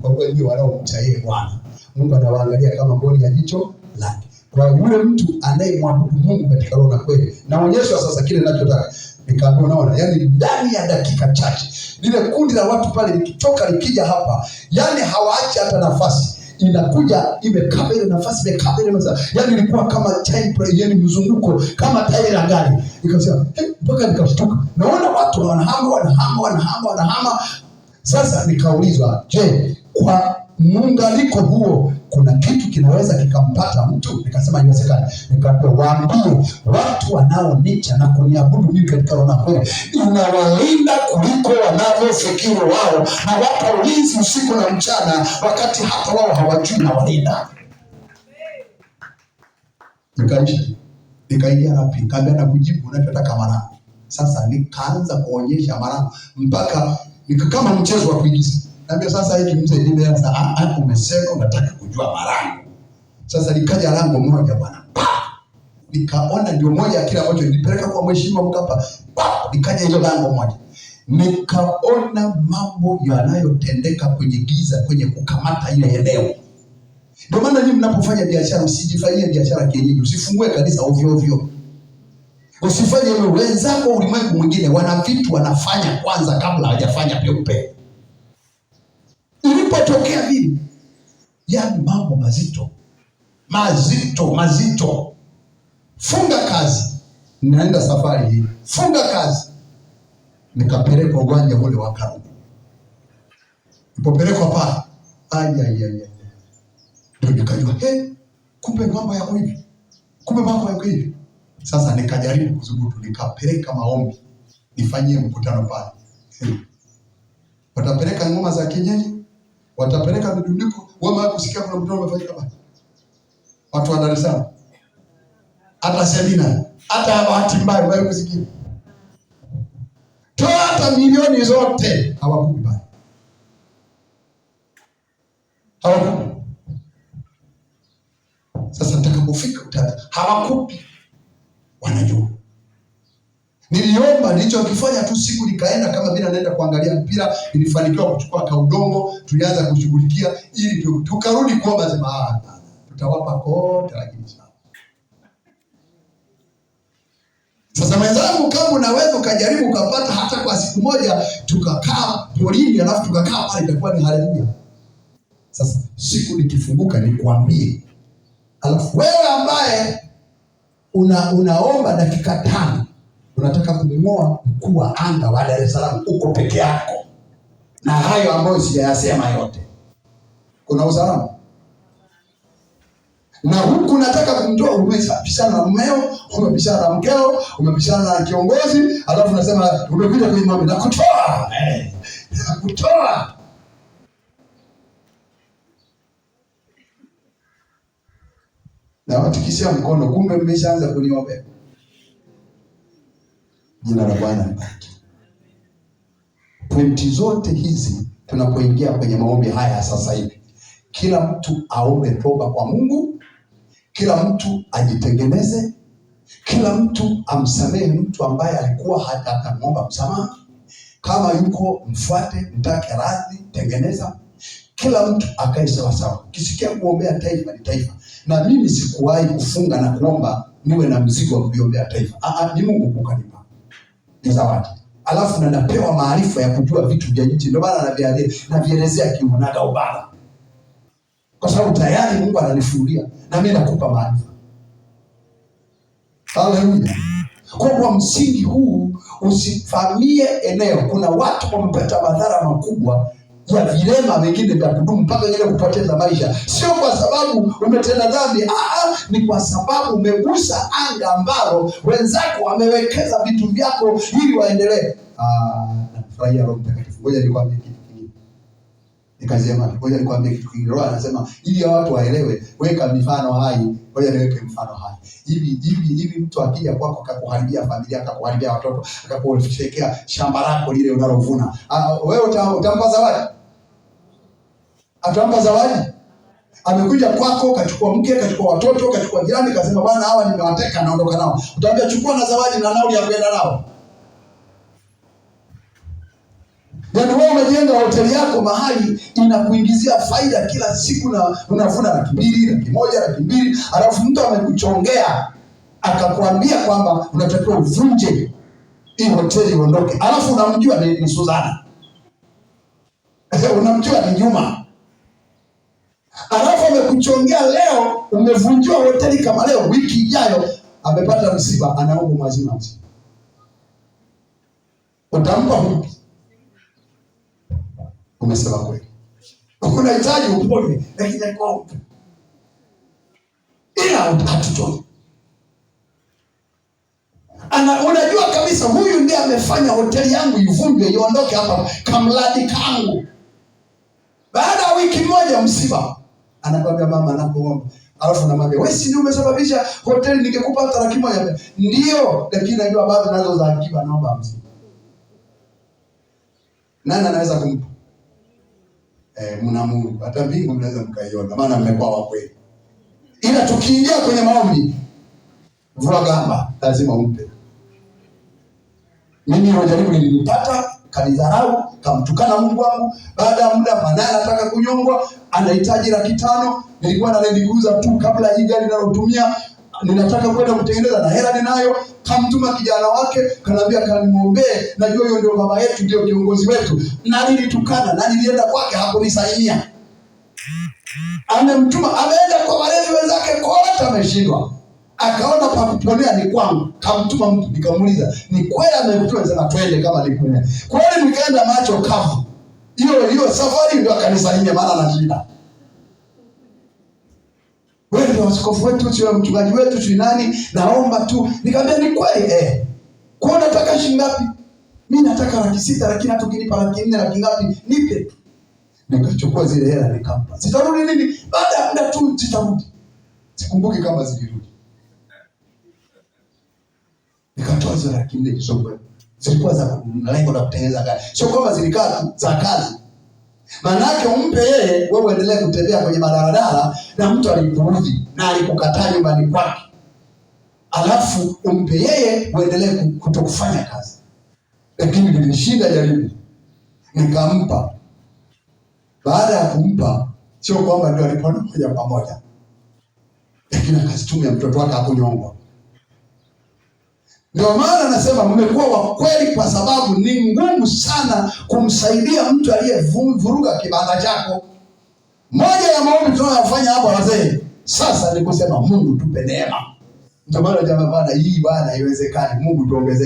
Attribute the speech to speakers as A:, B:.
A: Kwa kuwa ndio wanaomcha yeye Bwana Mungu anawaangalia kama mboni ya jicho lake. Kwa yule mtu anayemwabudu Mungu katika roho na kweli, naonyeshwa sasa kile ninachotaka nikaambia, unaona, yani ndani ya dakika chache lile kundi la watu pale likitoka likija hapa, yani hawaachi hata nafasi inakuja imekaba ile nafasi imekaba ile nafasi, yaani ilikuwa kama time pressure, yani mzunguko kama tairi la gari. Nikasema mpaka hey, nikashtuka, naona watu wanahama wanahama wanahama wanahama. Sasa nikaulizwa, je, kwa muunganiko huo kuna kitu kinaweza kikampata mtu. Nikasema iwezekani, nikaambia waambie watu wanaonicha na kuniabudu mimi katika wanakweli, inawalinda kuliko wanavyofikiri wao, na wapo ulinzi usiku na mchana, wakati hata wao hawajui na walinda. Nikaisha nikaingia rapi, nikaambia na kujibu unachotaka mara. Sasa nikaanza kuonyesha mara mpaka kama mchezo wa kuigiza Naambia sasa hiki mtu mzee sasa ah, ah, umesema unataka kujua marango. Sasa likaja lango moja bwana. Nikaona ndio moja ya kila moja nilipeleka kwa mheshimiwa Mkapa. Nikaja hilo lango moja. Nikaona mambo yanayotendeka kwenye giza, kwenye kukamata ile eneo. Ndio maana nyinyi mnapofanya biashara msijifanyie biashara kienyeji, usifungue kanisa ovyo ovyo. Usifanye wenzako ulimwengu mwingine wana vitu wanafanya kwanza kabla hawajafanya peupe. yani mambo mazito mazito mazito. Funga kazi, naenda safari hii, funga kazi. Nikapelekwa uwanja ule wa Karume, nipopelekwa pale, ayayaya, ndio nikajua hey, kumbe mambo yako hivi, kumbe mambo yako hivi. Sasa nikajaribu kuzubutu, nikapeleka maombi nifanyie mkutano pale, hmm. watapeleka ngoma za kienyeji watapeleka midundiko. Wewe kusikia kuna mtu amefanyika basi, watu wa Dar es Salaam, hata semina, hata bahati mbaya, wewe usikie toa hata milioni zote, hawakubali, hawakubali. Sasa nitakapofika utata, hawakupi, wanajua Niliomba, nilichokifanya tu siku nikaenda kama mimi naenda kuangalia mpira, nilifanikiwa kuchukua kaudongo, tulianza kushughulikia ili tukarudi kuomba sema ah, tutawapa kote lakini Sasa mwenzangu, kama unaweza ukajaribu ukapata hata kwa siku moja, tukakaa polini, alafu tukakaa pale, itakuwa ni haleluya. Sasa siku nikifunguka nikwambie, alafu wewe ambaye una, unaomba dakika tano unataka kumng'oa mkuu wa anga wa Dar es Salaam, uko peke yako na hayo ambayo sijayasema yote. Kuna usalama na huku nataka kumtoa, umepishana na mmeo, umepishana na mkeo, umepishana na kiongozi, alafu nasema umekuja kwenye mambo na eh, kutoa na kutoa na mkono, kumbe mmeshaanza kuniombea. Jina la Bwana libarikiwe. Pointi zote hizi tunapoingia kwenye maombi haya sasa hivi, kila mtu aombe toba kwa Mungu, kila mtu ajitengeneze, kila mtu amsamehe mtu ambaye alikuwa hata atamwomba msamaha. Kama yuko mfuate, mtake radhi, tengeneza. Kila mtu akae sawasawa. Ukisikia kuombea taifa ni taifa, na mimi sikuwahi kufunga na kuomba niwe na mzigo wa kuiombea taifa. Aa, ah, ah, ni Mungu kukanipa ni zawadi, alafu na napewa maarifa ya kujua vitu vya nje. Ndio maana navielezea kiunaga ubara, kwa sababu tayari Mungu ananifunulia na mimi nakupa maarifa. Haleluya! Kwa kwa msingi huu usifamie eneo, kuna watu wamepata madhara makubwa ya vilema vingine vya kudumu mpaka ile kupoteza maisha, sio kwa sababu umetenda dhambi. Ah, ah ni kwa sababu umegusa anga ambalo wenzako wamewekeza vitu vyako ili waendelee. Ah, nafurahia Roho Mtakatifu. Ngoja nikwambie kitu kingine, nikasema ngoja nikwambie kitu kingine. Roho anasema ili watu waelewe, weka mifano hai. Ngoja niweke mfano hai hivi hivi hivi, mtu akija kwako akakuharibia familia, akakuharibia watoto, akakuchekea shamba lako lile unalovuna, ah, wewe utampa zawadi? atampa zawadi? Amekuja kwako, kachukua mke, kachukua watoto, kachukua jirani, kasema bwana, hawa nimewateka, naondoka nao. Utaambia chukua na zawadi na nauli ya kwenda nao. Yaani wewe umejenga hoteli yako mahali inakuingizia faida kila siku, na unavuna laki mbili, laki moja, laki mbili, alafu mtu amekuchongea akakwambia kwamba unatakiwa uvunje hii hoteli uondoke, alafu unamjua ni Suzana unamjua ni Juma alafu amekuchongea leo, umevunjiwa hoteli kama leo, wiki ijayo amepata msiba, anaumwa mwezi mmoja, utampa hupi? Umesema kweli, unahitaji upone, lakini ila hatutoi ana, unajua kabisa huyu ndiye amefanya hoteli yangu ivunjwe, iondoke hapa kamladi kangu. Baada ya wiki moja, msiba anakwambia mama anakuomba, alafu namwambia wewe, si ndio umesababisha hoteli ningekupa tarakimu ya ndio, lakini najua bado nazo za akiba, naomba mzi. Nani anaweza kumpa? Eh, mna Mungu, hata mbingu mnaweza mkaiona, maana mmekuwa wa kweli. Ila tukiingia kwenye maombi, vua gamba, lazima umpe. Mimi jaribu nilipata kanidharau, kamtukana Mungu wangu. Baada ya muda, baadaye anataka kunyongwa, anahitaji laki tano. Nilikuwa na Land Cruiser tu kabla hii gari ninalotumia ninataka kwenda kutengeneza na hela ninayo. Kamtuma kijana wake, kanaambia kanimwombee, najua hiyo ndio baba yetu, ndio kiongozi wetu. Na nilitukana na nilienda kwake, hakunisainia. Amemtuma, ameenda kwa walezi wenzake kote, ameshindwa akaona pa ni kwangu, kamtuma mtu, nikamuuliza ni kweli amekutuma? Sema twende kama aliponea kweli. Nikaenda macho kavu, hiyo hiyo safari ndio akanisalimia, maana na shida wewe ndio askofu wetu, sio mchungaji wetu, sio nani, naomba tu. Nikamwambia ni kweli eh, kwa unataka shilingi ngapi? Mimi nataka laki sita, lakini hata ukinipa laki nne, laki ngapi, nipe Nikachukua zile hela nikampa, sitarudi nini. Baada ya muda tu zitarudi, sikumbuki kama zilirudi. zilikuwa hizo laki nne hizo, zilikuwa za lengo la kutengeneza gari, sio kwamba zilikaa za kazi. Maanake umpe yeye, wewe uendelee kutembea kwenye madaradara na mtu alikuudhi na alikukataa nyumbani kwake, alafu umpe yeye uendelee kutokufanya kazi. Lakini nilishinda jaribu, nikampa. Baada ya kumpa, sio kwamba ndio alipona moja kwa moja, lakini akazitumia mtoto wake akunyongwa ndio maana anasema mmekuwa wa kweli, kwa sababu ni ngumu sana kumsaidia mtu aliyevuruga kibanda chako. Moja ya maombi tunayofanya hapa wazee sasa ni kusema Mungu tupe neema. Ndio maana jamaa, bwana, hii bwana haiwezekani, Mungu tuongezee